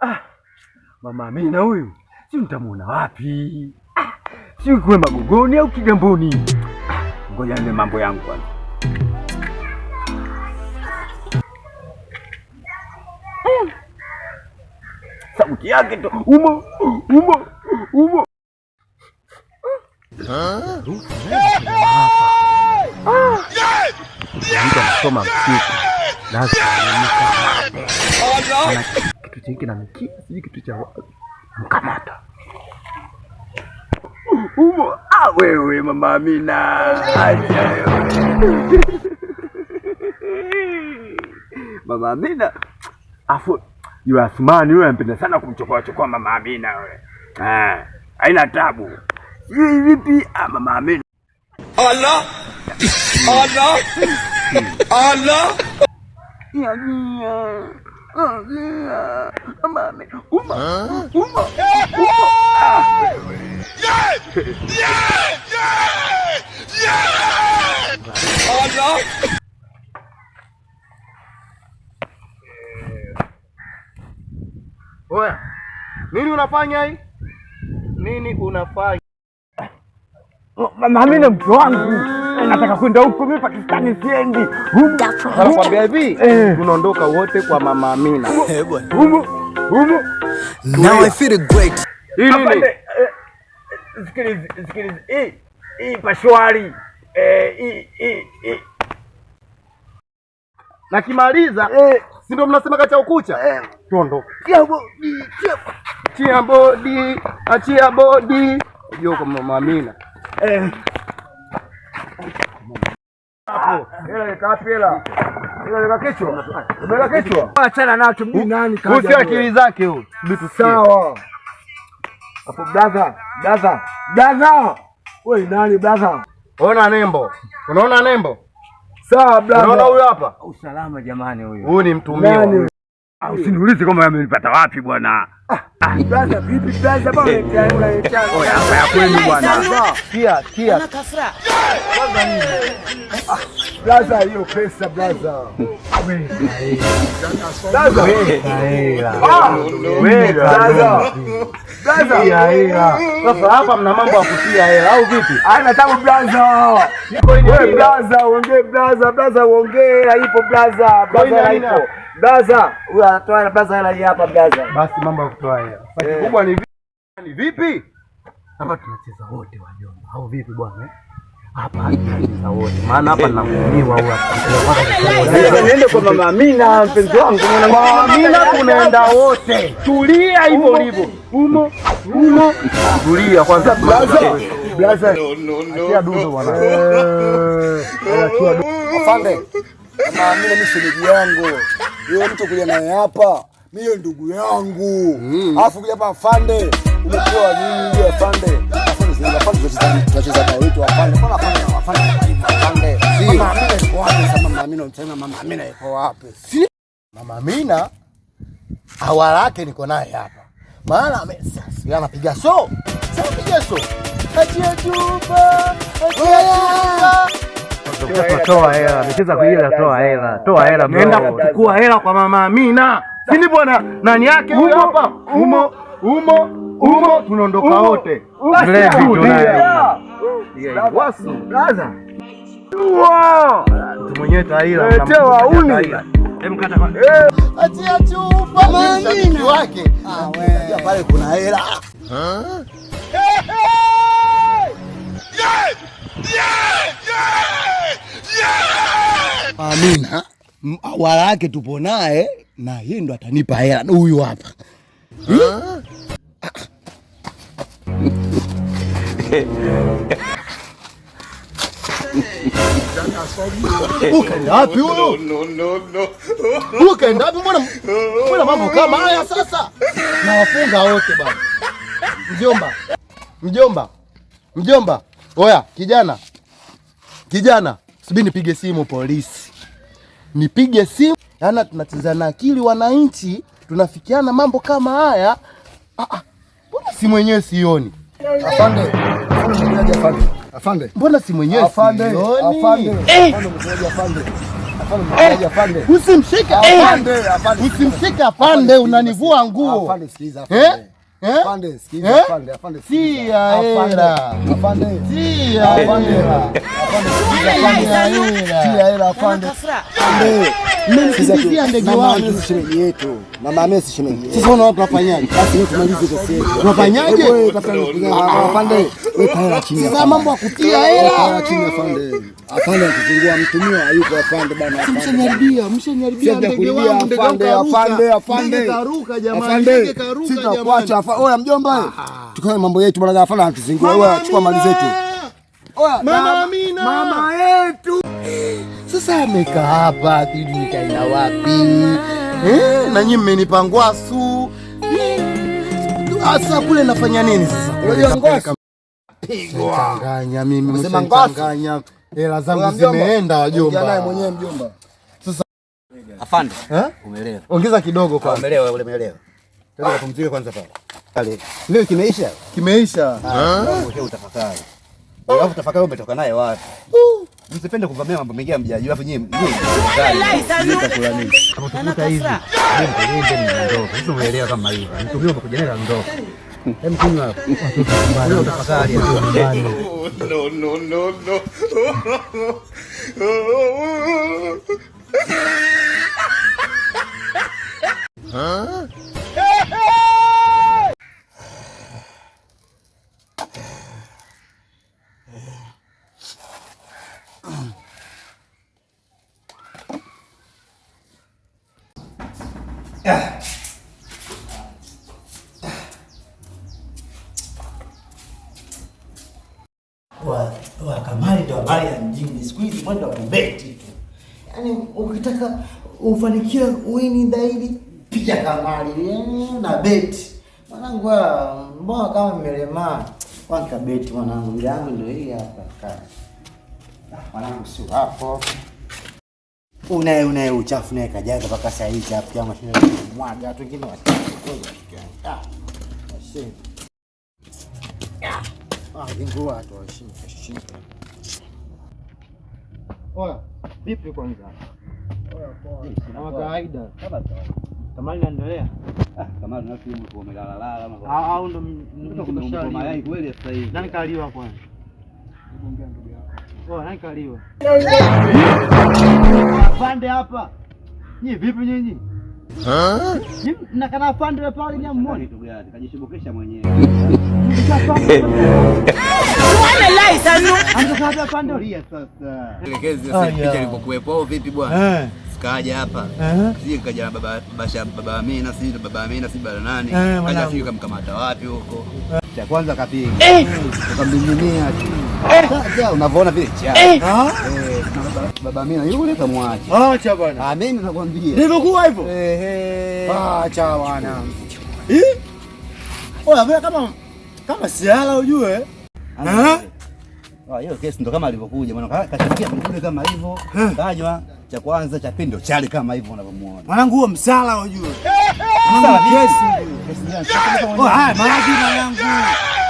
Ah, Mama Amina huyu si nitamuona wapi? Ah, si kuwe Magogoni au Kigamboni? Ah, nile mambo yangu kwanza. Eh, sauti yake tu umo umo umo mtu anasoma msiku lazima kitu hiki na mkia, sijui kitu cha wapi, mkamata Umo Ah, wewe mama Amina, acha wewe mama Amina, afu yule Athumani yule anampenda sana kumchokoa chokoa mama Amina yule, eh, haina tabu. Sijui vipi ah, mama Amina Allah Allah Allah Umame, umma, umma, Oya, nini unafanya hii? Nini unafanya? Mama, mimi na mtu wangu nataka kwenda huko mimi Pakistani, siendi. Nakwambia hivi, eh. tunaondoka wote kwa Mama Amina. Now I feel great. Sikiliza hii pashwari eh, eh, nakimaliza, eh. si ndio? Mnasema kacha ukucha, tuondoke. Chia bodi, achia bodi, joko mama Amina hapo, hela ikapela Sio akili zake huyu. Sawa. Hapo brother, brother, brother. Wewe nani brother? Ona nembo. Unaona nembo? Sawa brother. Unaona huyu hapa? Usalama jamani huyu. Huyu ni mtumio. Usiniulize kama amenipata wapi bwana. Blaza, hiyo sasa hapa mna mambo ya kutia hela au vipi? Ana tabu blaza, wewe blaza, uongee blaza, blaza uongee, ipo blaza, blaza ipo blaza, huyo anatoa blaza hela hapa blaza, basi mambo sasa eh. kubwa ni vipi? Ni vipi? Hapa tunacheza wote wajomba. Au vipi bwana? Hapa tunacheza wote. Maana hapa ninakumiwa au hapa. Niende kwa Mama Amina mpenzi wangu. Mama Amina tunaenda wote. Tulia hivyo hivyo. Umo, umo. Tulia kwanza. Blaza. Blaza. Atia dundo bwana. Eh, Afande. Mama Amina ni shemeji yangu. Yule mtu kuja naye hapa mie ndugu yangu, alafu kuja hapa afande, umekuwa nini ndio afande? Mama Amina hawala yake niko naye hapa, maana anapiga so piga toa hela, toa hela, toa hela, hela kwa mama Amina. Sini bwana nani yake huyo hapa? humo humo humo tunaondoka wote. Wasu blaza. Mwenyewe taila. Lete wauni. Achia chupa mami wake. Ah wewe. Pale kuna hela. Amina. Wala yake tupo naye na yeye ndo atanipa hela huyu hapa huh? Hmm? Ah? huyu? Ukaenda wapi? Mbona mambo kama haya sasa? Nawafunga wote bwana. Mjomba, mjomba, mjomba. Oya kijana, kijana, sibi nipige simu polisi, nipige simu Yaani tunachezana akili wananchi, tunafikiana mambo kama haya. Ah, ah. Mbona si mwenyewe sioni? Afande. Afande. Afande. Mbona si mwenyewe afande? Eh. Afande. Afande. Eh. Eh. afande, afande, unanivua nguo. Afande, afande. Afande, afande, afande. Afande. Afande, afande. afande. Afande mmemkimbizia ndege wangu. Shemeji yetu mama Hamisi, shemeji sasa, unaona tunafanyaje? Basi tumalize kesi yetu, tunafanyaje? Afande, sasa mambo ya kutia hela chini. Afande, afande akizingua mtumia hayuko. Afande bana, mshaniharibia, mshaniharibia ndege wangu. Afande, afande, afande karuka jamani, ndege karuka jamani, sitakuacha. Oya mjomba, tukae mambo yetu bana. Afande akizingua, wewe achukua mali zetu. Oya mama Amina, mama yetu sasa amekaa hapa, sijui nikaenda wapi eh? Na nyinyi mmenipa ngwasu hmm. sasa, kule nafanya nini sasa? Changanya mimi changanya hela zangu zimeenda, wajomba mwenyewe mjomba. Sasa afande, eh? umeelewa? Ongeza kidogo kwa ah, umeelewa, ule umeelewa. Tena pumzike kwanza pale pale. Leo kimeisha, kimeisha. Ah, eh? Utafakari alafu utafakari umetoka naye wapi? Uh msipende kuvamia mambo mengine mjajua, alafu nyinyi mnaelewa kama hivi mtumio Wakamali ndo habari ya mjini siku hizi, mwendo kubeti tu. Yaani ukitaka ufanikiwe uwini zaidi, piga kamali yaani, na beti. Mwanangu mbona kama mmelemaa? Wankabeti mwanangu, yangu ndo hii hapa. Ah, mwanangu sio hapo unaye unaye uchafu naye kajaza mpaka saa hii chafu kia mashine mwaga watu wengine ah, ah, ah, Oya, vipi kwanza? Kama kawaida. Kamali naendelea. Ah, Kamali nafikiri mko umelalala ama kwa. Ah, au ndo mko mayai kweli sasa hivi. Nani kaliwa kwanza? Oya, nani kaliwa? fande hapa ni vipi nyinyi? Nakana ni kajishibukisha mwenyewe ah, vipi bwana? Eh. Sikaja hapa eh. sijui kaja na baba Amina, sijui baba Amina, sijui nani eh, kaja, sijui kamkamata wapi huko, cha kwanza kapiga ukambingimia Eh. Ah, unavyoona vile cha eh. Eh, baba Amina yule kamwache. Acha bwana. Ah, mimi nakwambia. Nilikuwa hivyo. Eh. Acha bwana. Eh? Oya vile kama kama siala ujue. Ah, hiyo kesi ndo kama alivyokuja mwana ah, Kachafikia mkule kama hivyo. Kanywa cha kwanza cha pindo chali kama hivyo unavyomuona. Mwanangu huo msala ujue. Msala kesi. Kesi. Oh, hai maji mwanangu.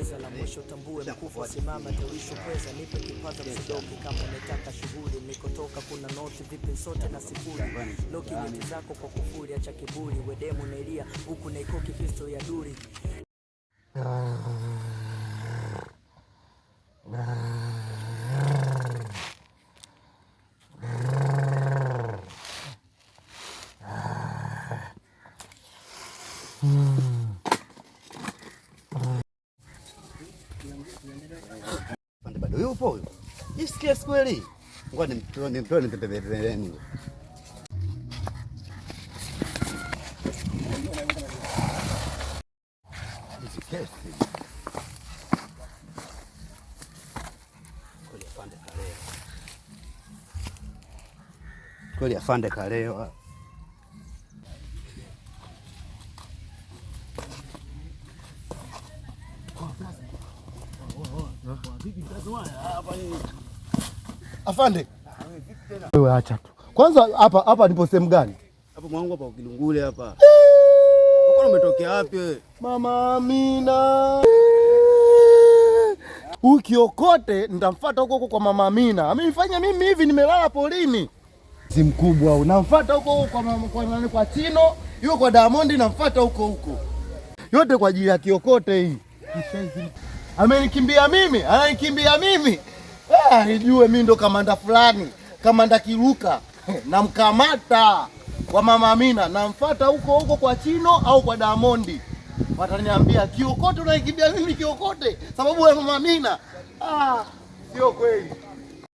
kuongeza la mwisho tambue mkufu, simama tawisho kweza, nipe kipaza msidoki kama unataka shughuli. Nikotoka kuna noti vipi sote na sifuri, loki nyeti zako kwa kufuri, acha kiburi, wedemu nailia huku naikoki pisto ya duri ah. Ah. yupo huyo? Isikia kweli? Ngoja nimtoe nipembeni. Kweli afande kalewa. Afande, ah, wewe acha tu kwanza. Hapa hapa ndipo sehemu gani? Hapo mwangu hapa Kilungule hapa. Uko umetokea wapi wewe? Mama Amina. Ukiokote nitamfuata huko huko kwa Mama Amina. Amenifanya mimi hivi nimelala polini. Si mkubwa au. Namfuata huko huko kwa mama, kwa nani kwa Tino, yuko kwa Diamond namfuata huko huko. Yote kwa ajili ya Kiokote hii. Amenikimbia mimi, ananikimbia mimi eh, nijue mimi ndo kamanda fulani, kamanda Kiruka namkamata kwa mama Amina, namfuata huko huko kwa Chino au kwa Diamond, wataniambia kiokote, unaikibia mimi kiokote sababu ya mama Amina. Ah, sio kweli.